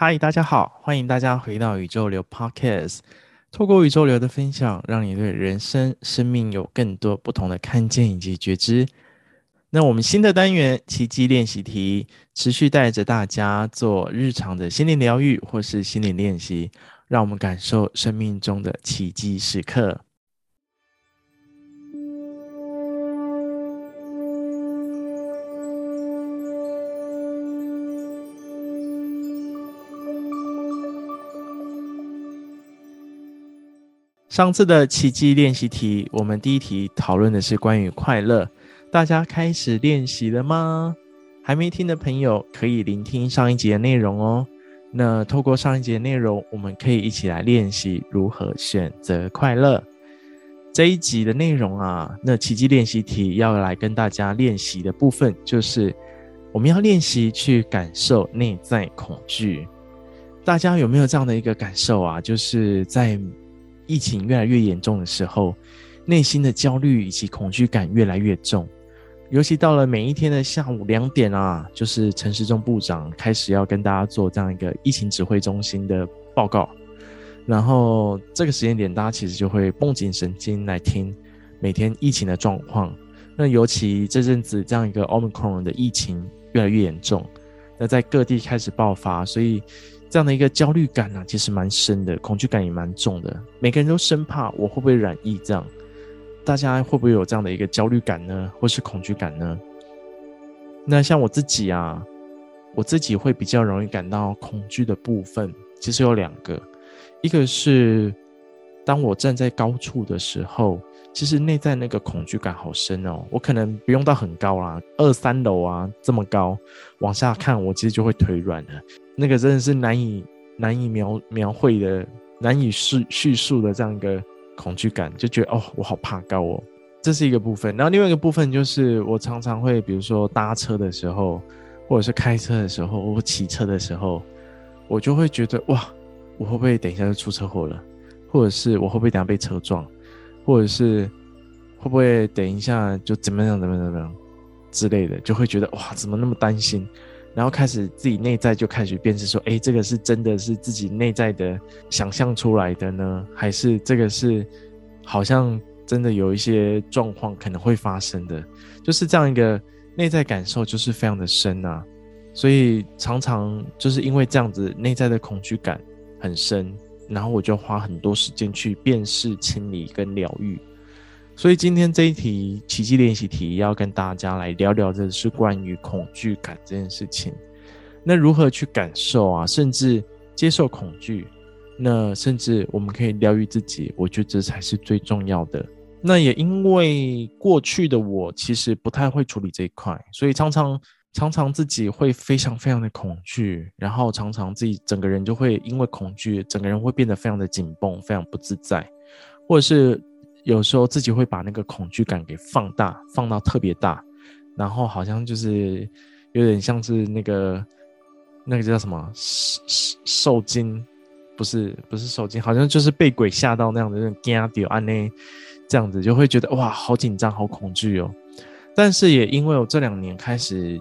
嗨，大家好，歡迎大家回到宇宙流 Podcast。透過宇宙流的分享，讓你對人生、生命有更多不同的看見以及覺知。那我們新的單元奇蹟練習題，持續帶着大家做日常的心靈療癒，或是心靈練習，讓我們感受生命中的奇蹟時刻。上次的奇蹟練習題，我們第一題討論的是關於快樂。大家開始練習了嗎？還沒聽的朋友可以聆聽上一集的內容哦。那透過上一集的內容，我們可以一起來練習如何選擇快樂。這一集的內容啊，那奇蹟練習題要來跟大家練習的部分，就是我們要練習去感受內在恐懼。大家有沒有這樣的一個感受啊？就是在疫情越來越嚴重的時候，內心的焦慮以及恐懼感越來越重。尤其到了每一天的下午兩點啊，就是陳時中部長開始要跟大家做這樣一個疫情指揮中心的報告，然後這個時間點，大家其實就會繃緊神經來聽每天疫情的狀況。那尤其這陣子這樣一個 Omicron 的疫情越來越嚴重，那在各地開始爆發，所以這樣的一個焦慮感呢、啊，其實蠻深的，恐懼感也蠻重的。每個人都生怕我會不會染疫這樣。大家會不會有這樣的一個焦慮感呢？或是恐懼感呢？那像我自己啊，我自己會比較容易感到恐懼的部分，其實有兩個，一個是當我站在高處的時候，其實內在那個恐懼感好深哦。我可能不用到很高啦，啊，二三樓啊這麼高，往下看我其實就會腿軟了。那個真的是難以難以描描繪的，難以敘敘述的這樣一個。恐懼感就覺得哦，我好怕高哦，這是一個部分。然後另外一個部分就是，我常常會比如說搭車的時候，或者是開車的時候，或騎車的時候，我就會覺得哇，我會不會等一下就出車禍了？或者是我會不會等一下被車撞？或者是會不會等一下就怎麼樣怎麼樣怎麼樣之類的，就會覺得哇，怎麼那麼擔心？然後開始自己內在就開始辨識，說：哎，這個是真的是自己內在的想象出來的呢？還是這個是好像真的有一些狀況可能會發生的？就是這樣一個內在感受就是非常的深啊，所以常常就是因為這樣子內在的恐懼感很深，然後我就花很多時間去辨識、清理跟療癒。所以今天這一題奇蹟練習題要跟大家來聊聊，的是關於恐懼感這件事情。那如何去感受啊？甚至接受恐懼，那甚至我們可以療癒自己。我覺得這才是最重要的。那也因為過去的我其實不太會處理這一塊，所以常常常常自己會非常非常的恐懼，然後常常自己整個人就會因為恐懼，整個人會變得非常的緊繃，非常不自在，或者是。有時候自己會把那個恐懼感給放大，放到特別大，然後好像就是有點像是那個那個叫什麼受受受驚，不是不是受驚，好像就是被鬼嚇到那樣的那種驚掉啊，那這樣子，就會覺得，哇，好緊張，好恐懼哦。但是也因為我這兩年開始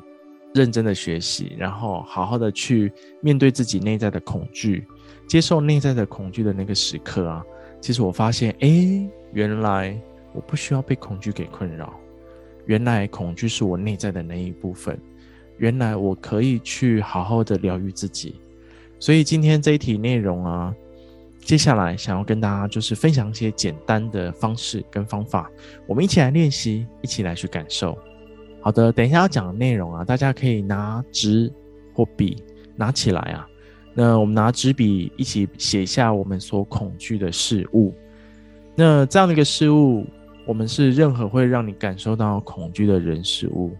認真的學習，然後好好的去面對自己內在的恐懼，接受內在的恐懼的那個時刻啊，其實我發現哎。誒原來我不需要被恐懼給困擾，原來恐懼是我內在的那一部分，原來我可以去好好的療癒自己。所以今天這一題內容啊，接下來想要跟大家就是分享一些簡單的方式跟方法，我們一起來練習，一起來去感受。好的，等一下要講的內容啊，大家可以拿紙或筆拿起來啊，那我們拿紙筆一起寫下我們所恐懼的事物。那這樣的一個事物，我們是任何會讓你感受到恐懼的人事物，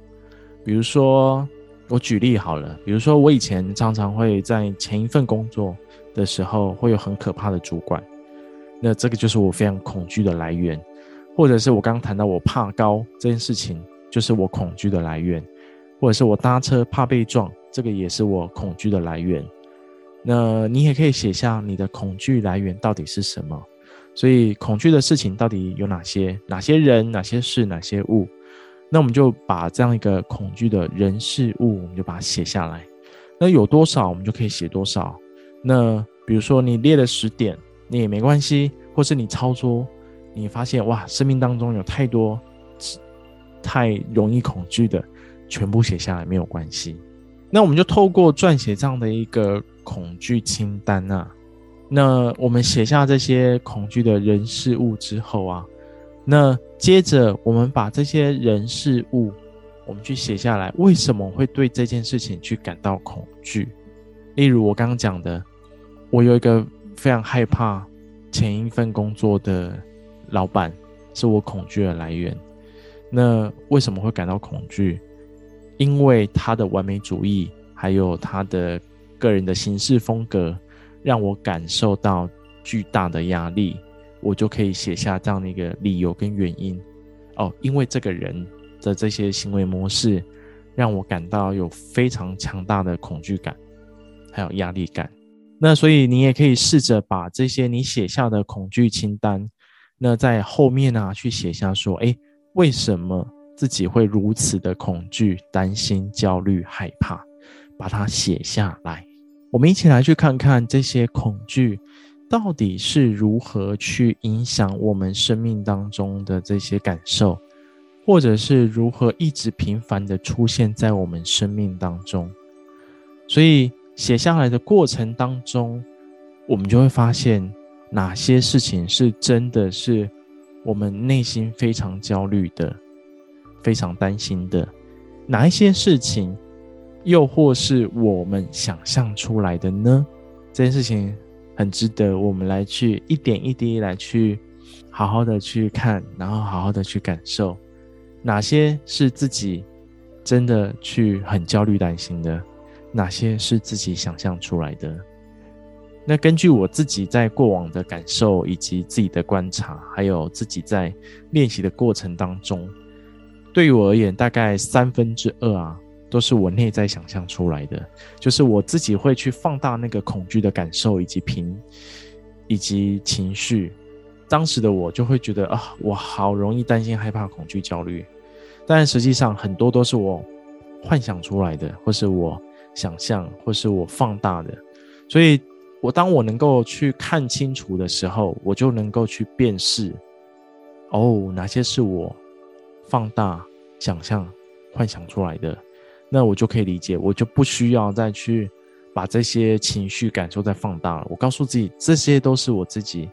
比如說，我舉例好了，比如說我以前常常會在前一份工作的時候會有很可怕的主管，那這個就是我非常恐懼的來源，或者是我剛剛談到我怕高這件事情，就是我恐懼的來源，或者是我搭車怕被撞，這個也是我恐懼的來源。那你也可以寫下你的恐懼來源到底是什麼。所以，恐懼的事情到底有哪些？哪些人？哪些事？哪些物？那我們就把這樣一個恐懼的人、事、物，我們就把它寫下來。那有多少，我們就可以寫多少。那比如說，你列了十點，你也沒關係；或是你超多，你發現哇，生命當中有太多，太容易恐懼的，全部寫下來沒有關係。那我們就透過撰寫這樣的一個恐懼清單啊。那我們寫下這些恐懼的人事物之後啊，那接着我們把這些人事物，我們去寫下來，為什麼會對這件事情去感到恐懼？例如我剛剛講的，我有一個非常害怕前一份工作的老闆，是我恐懼的來源。那為什麼會感到恐懼？因為他的完美主義，還有他的個人的行事風格。讓我感受到巨大的壓力，我就可以寫下這樣的一個理由跟原因。哦，因為這個人的這些行為模式，讓我感到有非常強大的恐懼感，還有壓力感。那所以你也可以試着把這些你寫下的恐懼清單，那在後面啊，去寫下說，誒，為什麼自己會如此的恐懼、擔心、焦慮、害怕，把它寫下來。我們一起來去看看這些恐懼到底是如何去影響我們生命當中的這些感受，或者是如何一直頻繁地出現在我們生命當中。所以寫下來的過程當中，我們就會發現哪些事情是真的是我們內心非常焦慮的、非常擔心的，哪一些事情。又或是我們想象出來的呢？這件事情很值得我們來去一點一滴來去好好的去看，然後好好的去感受，哪些是自己真的去很焦慮擔心的，哪些是自己想象出來的？那根據我自己在過往的感受，以及自己的觀察，還有自己在練習的過程當中，對於我而言，大概三分之二啊，都是我內在想象出來的，就是我自己會去放大那個恐懼的感受，以及平，以及情緒。當時的我就會覺得啊、哦，我好容易擔心、害怕、恐懼、焦慮。但實際上，很多都是我幻想出來的，或是我想象，或是我放大的。所以，我當我能夠去看清楚的時候，我就能夠去辨識哦，哪些是我放大、想象、幻想出來的。那我就可以理解，我就不需要再去把這些情緒感受再放大了。我告訴自己，這些都是我自己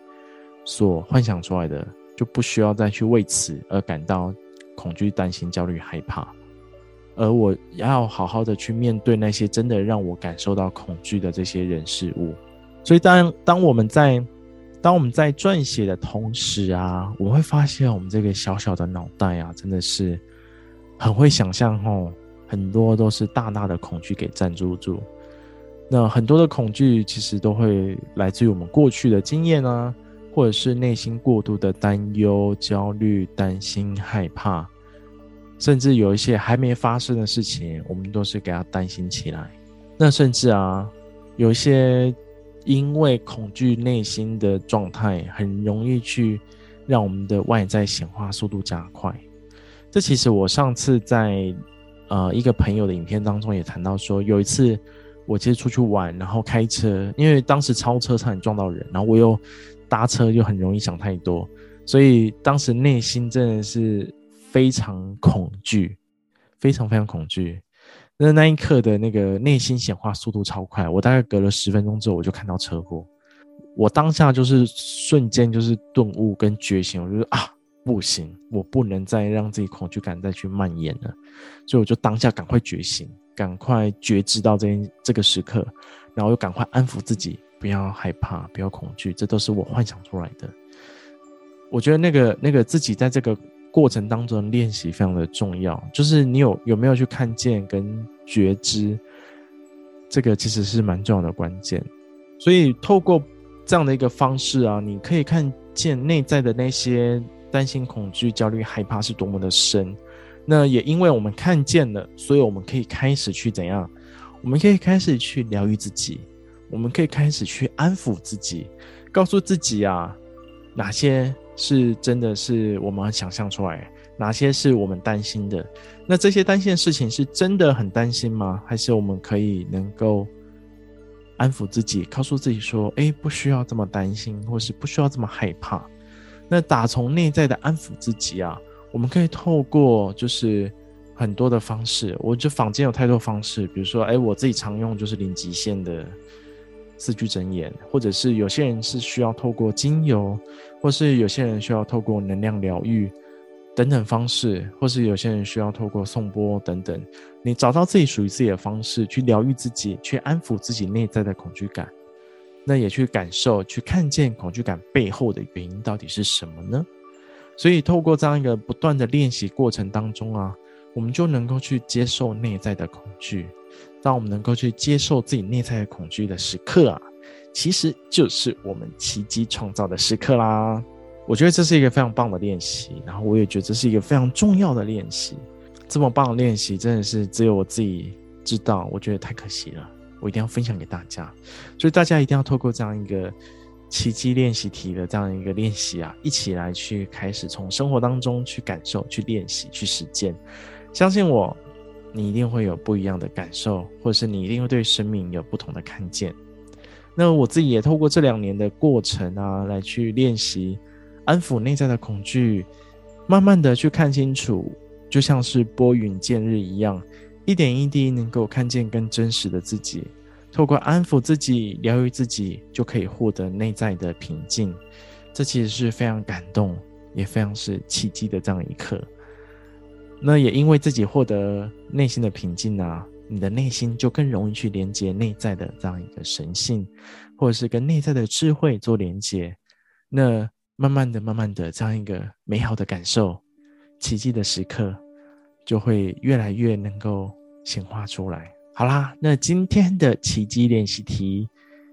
所幻想出來的，就不需要再去為此而感到恐懼、擔心、焦慮、害怕。而我要好好的去面對那些真的讓我感受到恐懼的這些人事物。所以當，當當我們在當我們在撰寫的同時啊，我會發現我們這個小小的腦袋啊，真的是很會想象哦。很多都是大大的恐懼給佔據住，住，那很多的恐懼其實都會來自於我們過去的經驗啊，或者是內心過度的擔憂、焦慮、擔心、害怕，甚至有一些還沒發生的事情，我們都是給他擔心起來。那甚至啊，有一些因為恐懼內心的狀態，很容易去讓我們的外在顯化速度加快。這其實我上次在。呃，一個朋友的影片當中也談到說，有一次我其實出去玩，然後開車，因為當時超車差點撞到人，然後我又搭車又很容易想太多，所以當時內心真的是非常恐懼，非常非常恐懼。那那一刻的那個內心顯化速度超快，我大概隔了十分鐘之後我就看到車禍，我當下就是瞬間就是頓悟跟覺醒，我就說、是、啊。不行，我不能再讓自己恐懼感再去蔓延了，所以我就當下趕快覺醒，趕快覺知到這這個時刻，然後又趕快安撫自己，不要害怕，不要恐懼，這都是我幻想出來的。我覺得那個那個自己在這個過程當中練習非常的重要，就是你有有沒有去看見跟覺知，這個其實是蠻重要的關鍵。所以透過這樣的一個方式啊，你可以看見內在的那些。擔心、恐懼、焦慮、害怕是多麼的深。那也因為我們看見了，所以我們可以開始去怎樣？我們可以開始去療癒自己，我們可以開始去安撫自己，告訴自己啊，哪些是真的是我們想象出來，哪些是我們擔心的。那這些擔心的事情是真的很擔心嗎？還是我們可以能夠安撫自己，告訴自己說，誒、欸，不需要這麼擔心，或是不需要這麼害怕。那打從內在的安撫自己啊，我們可以透過就是很多的方式，我就坊間有太多方式，比如說，哎、欸，我自己常用就是零極限的四句真言，或者是有些人是需要透過精油，或是有些人需要透過能量療癒等等方式，或是有些人需要透過頌缽等等，你找到自己屬於自己的方式去療癒自己，去安撫自己內在的恐懼感。那也去感受，去看見恐懼感背後的原因到底是什麼呢？所以透過這樣一個不斷的練習過程當中啊，我們就能夠去接受內在的恐懼。當我們能夠去接受自己內在的恐懼的時刻啊，其實就是我們奇蹟創造的時刻啦。我覺得這是一個非常棒的練習，然後我也覺得這是一個非常重要的練習。這麼棒的練習，真的是只有我自己知道，我覺得太可惜了。我一定要分享給大家，所以大家一定要透過這樣一個奇蹟練習題的這樣一個練習啊，一起來去開始從生活當中去感受、去練習、去實踐。相信我，你一定會有不一樣的感受，或者是你一定會對生命有不同的看見。那我自己也透過這兩年的過程啊，來去練習安撫內在的恐懼，慢慢的去看清楚，就像是撥雲見日一樣。一點一滴能夠看見更真實的自己，透過安撫自己、療癒自己，就可以獲得內在的平靜。這其實是非常感動，也非常是奇蹟的這樣一刻。那也因為自己獲得內心的平靜啊，你的內心就更容易去連接內在的這樣一個神性，或者是跟內在的智慧做連接。那慢慢的、慢慢的，這樣一個美好的感受，奇蹟的時刻，就會越來越能夠顯化出來。好啦，那今天的奇蹟練習題，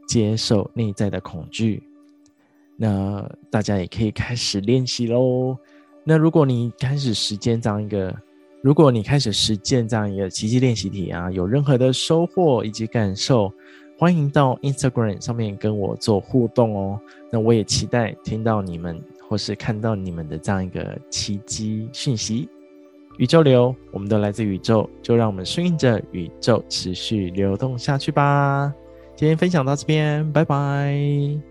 接受內在的恐懼。那大家也可以開始練習嘍。那如果你開始實踐這樣一個，如果你開始實踐這樣一個奇蹟練習題啊，有任何的收穫以及感受，歡迎到 Instagram 上面跟我做互動哦。那我也期待聽到你們，或是看到你們的這樣一個奇蹟訊息。宇宙流，我們都來自宇宙，就讓我們順應着宇宙持續流動下去吧。今天分享到這邊，拜拜。